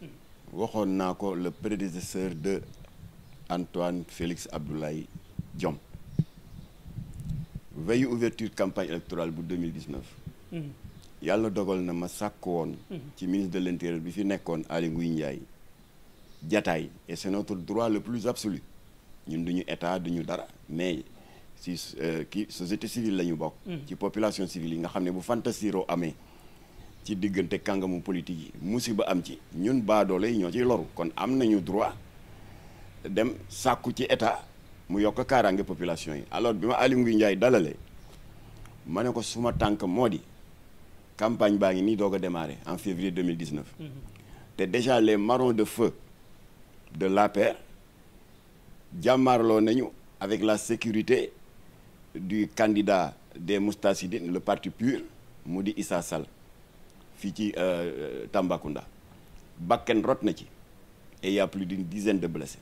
Hmm. le prédécesseur de Antoine Félix Abdoulaye Diom. veille ouverture campagne électorale pour 2019 y a na ma qui woon hmm. ci ministre de l'intérieur bi fi nekkoon Aly et c'est notre droit le plus absolu Nous duñu état duñu dara mais si euh, kii société civile la la hmm. population civile nous nga xam fantaisie ci diggante kàngamu politique yi musiba am ci ñun baadoole yi ñoo ciy loru kon am nañu droit dem sàkku ci état mu yokk kaaraange population yi alors bi ma Aly Ngouille dalale ma ne ko suma tànk moo di campagne baa ngi nii doog a démarré en février 2019 mm-hmm. te déjà les marrons de feu de l'APR jàmmaarloo nañu avec la sécurité du candidat des Moustachidines le parti pur mu di Issa Sall fii ci euh, euh, Tambacounda bakken rot na ci et y a plus d'une dizaine de blessés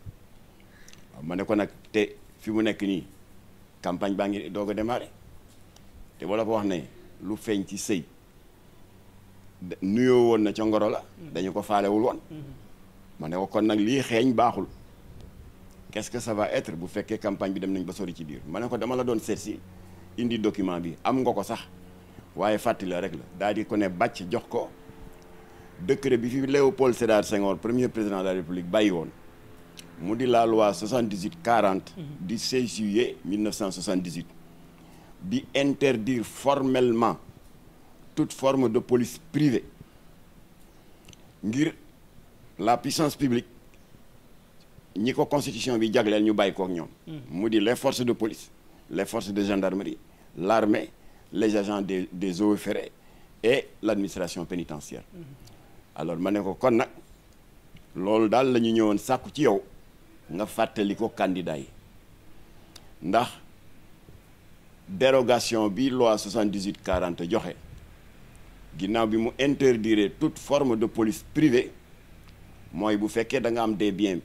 waaw ma ne ko nag te fi mu nekk nii campagne baa ngi doog a démarré te wala ko wax ne lu feeñ ci sëy nuyoo woon na ca ngoro la dañu ko faalewul woon ma ne ko kon nag lii xeeñ baaxul qu'est-ce que ça va etre bu fekkee campagne bi dem nañ ba sori ci biir ma ne ko dama la doon seet si indi document bi am nga ko sax waye fàttali rek la règle? di ko ne est jox ko décret bi fi Léopold Sédar Senghor premier président de la République bàyyi mu di la loi 78 40 hum. du 16 juillet 1978 bi interdire formellement toute forme de police privée ngir la puissance publique ni ko constitution bi jagleel ñu bàyyi Il ñom hum. mu di les forces de police les forces de gendarmerie l'armée les agents des des et l'administration pénitentiaire mhm. alors je pense que kon nag loolu dal la ñu sakku ci yow nga candidat ndax dérogation bi loi 78 40 qui interdit bi mu interdire toute forme de police privée Nous bu féké da nga am des biens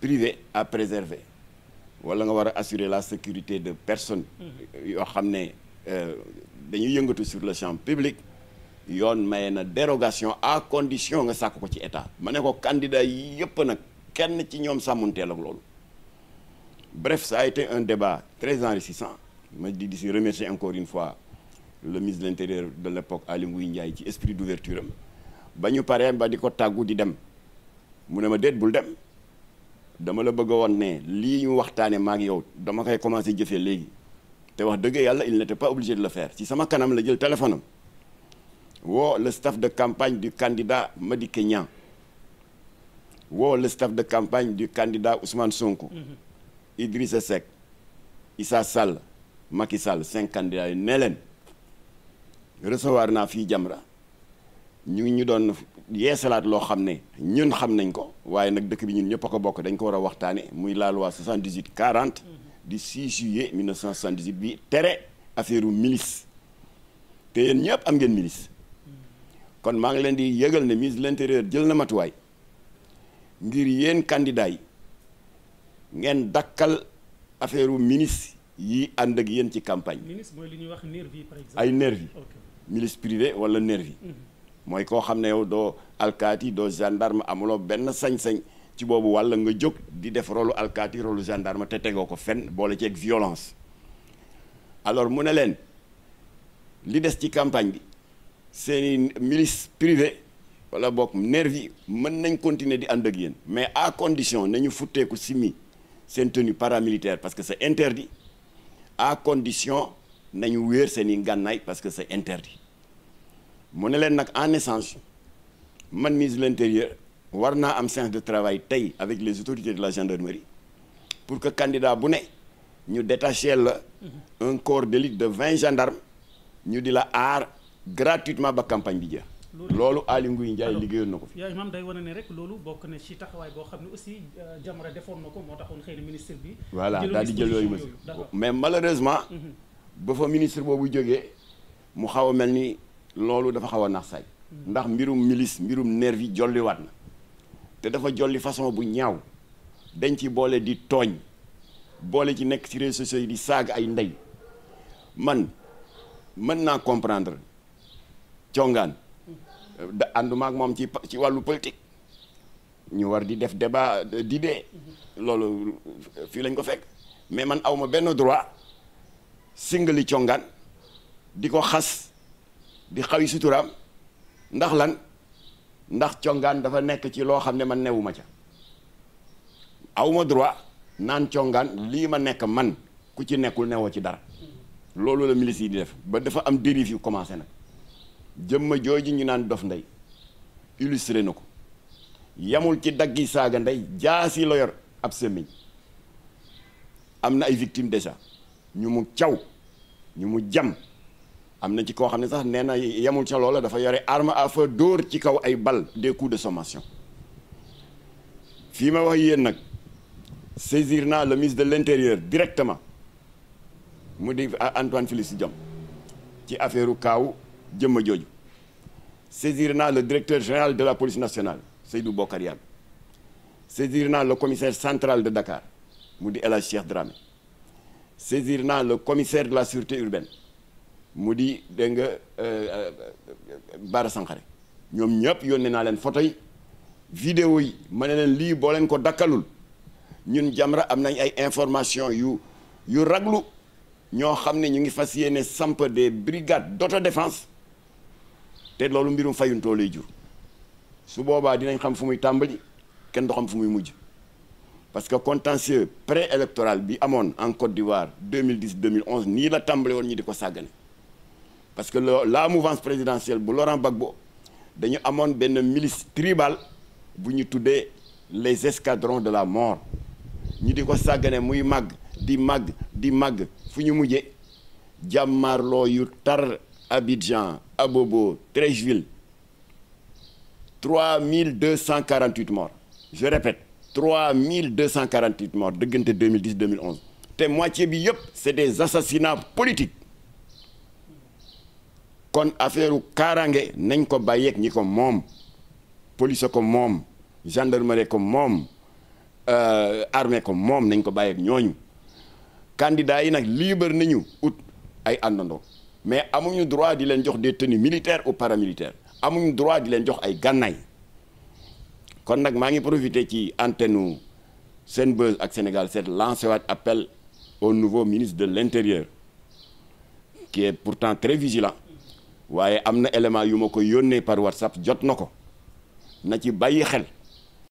privés à préserver wala nga assuré assurer la sécurité de personnes mhm. yo xamné euh, dañuy yëngatu sur le champ public yoon maye na dérogation à condition nga sakko ci état mané ko candidat yépp nak kenn ci ñom samunté ak bref ça a été un débat très enrichissant ma di di remercier encore une fois le ministre de l'intérieur de l'époque Ali Ngui Ndiaye ci esprit d'ouverture bañu paré ba di ko di dem mu ne ma déet bul dem dama la bëgg a woon ne lii ñu waxtaane maak yow dama kay commencer jëfé légui te wax dëgg yàlla il n'était pas obligé de le faire ci sama kanam la jël téléphone am woo le de campagne du candidat Madické Niang woo le de campagne du candidat Ousmane Sonko. Mhm. Idrissa Seck Issa Sall Macky Sall cinq candidats yi ne leen recevoir naa fii Jamra ñu ngi ñu doon yeesalaat loo xam ne ñun xam nañ ko waaye nag dëkk bi ñun ñëpp a ko bokk dañ ko war a waxtaane muy la loi 78 40. du 6 juillet 1978 bi tere affaire milice te yéen ñëpp am ngeen milice kon maa ngi leen di yëgal ne ministre de l'intérieur jël na matuwaay ngir yéen candidat yi ngeen dakkal affaire milice yi ànd ak yéen ci campagne milice mooy li ñuy wax nervi par exemple ay nervi milice privée wala nervi mhm. mooy koo xam ne yow doo alkaati doo gendarme amuloo benn sañ-sañ ci vous avez nga violence alors mu li campagne bi une milice privée wala bokk nervi continuer di mais à condition nañu ko simi sen tenue paramilitaire parce que c'est interdit à condition nañu wër parce que c'est interdit Mon élève, en essence man l'intérieur warna am séance de travail tay avec les autorités de la gendarmerie pour que candidat bu ne ñu détacher la un corps d'élite de 20 gendarmes ñu di la AR gratuitement ba campagne bi jeex. lolu ali Ngouille Ndiaye liggéeyoon nako fi. yaa imam day wone ne rek lolu bokk na ci taxaway bo xamni aussi euh, Jamra defon nako ko moo taxoon ministre bi. voilà daal di jël yooyu mais malheureusement. Mhm. ba fa ministre bobu joggé mu xawa melni lolu dafa xawa nax saay. Mhm. ndax mbirum milice mbirum nervi jolliwaat na. te dafa jolli façon bu ñaaw dañ ci boole di tooñ boole ci nekk ci réseaux sociaux yi di saaga ay ndey man mën naa comprendre congaan da ànduma ak moom ci ci wàllu politique ñu war di def débat d'idées loolu fii lañ ko fekk mais man awma benn droit singali congaan di ko xas di xawi suturaam ndax lan ndax congaan dafa nekk ci loo xam ne man newuma ca awma droit naan congaan lii ma nekk man ku ci nekkul newoo ci dara loolu la milice yi di def ba dafa am dérive yu commencé nag jëmma jooju ñu naan dof ndey illustré na ko yamul ci daggi saaga ndey jaasi la yor ab semmiñ am na ay victimes déjà ñu mu caw ñu mu jam il y ci ko armes sax ci dafa arme à feu d'or ci kaw ay bal des coups de sommation fima wax yéen nak saisir le ministre de l'intérieur directement mu di Antoine Félix Diome ci affaireu kaw jëmma jooju saisir le directeur général de la police nationale Seydou Bokar Yàgg saisir le commissaire central de Dakar mu di Drame. saisir le commissaire de la sûreté urbaine Mudi di dégg nga euh, euh, Bara Sankhare ñoom ñëpp yónnee naa leen photo yi vidéo yi ma ne leen lii boo ko dakkalul ñun Jamra am nañ ay information yu yu raglu ñoo xam ne ñu ngi fas yéene des brigades d'autodéfense te loolu mbirum fayuntoo lay jur su boobaa dinañ xam fu muy tàmbali kenn du xam fu muy mujj parce que contentieux préélectoral bi amoon en Côte d'Ivoire 2010 2011 ni la tàmbale woon ñi di ko sàggane parce que la mouvance présidentielle bu Laurent Gbagbo dañu avons une milice tribale pour nous les escadrons de la mort nous avons de sàggane muy mag, di mag, di mag, fu nous mujjee jàmmaarloo yu tar Abidjan Abobo Treichville 3248 morts je répète 3248 morts de 2010 2011 T'es moitié c'est des assassinats politiques kon affaire u nagn ko baye ak ñiko mom police ko mom gendarmerie ko mom euh armée ko mom nagn ko baye ak ñooñu candidat yi nak libre nañu out ay andando mais amuñu droit di len jox des tenues militaires ou paramilitaires amuñu droit di len jox ay gannaay kon nak maa ngi profité ci antenne Senbuzz ak Sénégal c'est lancé waat appel au nouveau ministre de l'intérieur qui est pourtant très vigilant waaye am na élément yu ma ko yónnee par WhatsApp jot na ko na ci bàyyi xel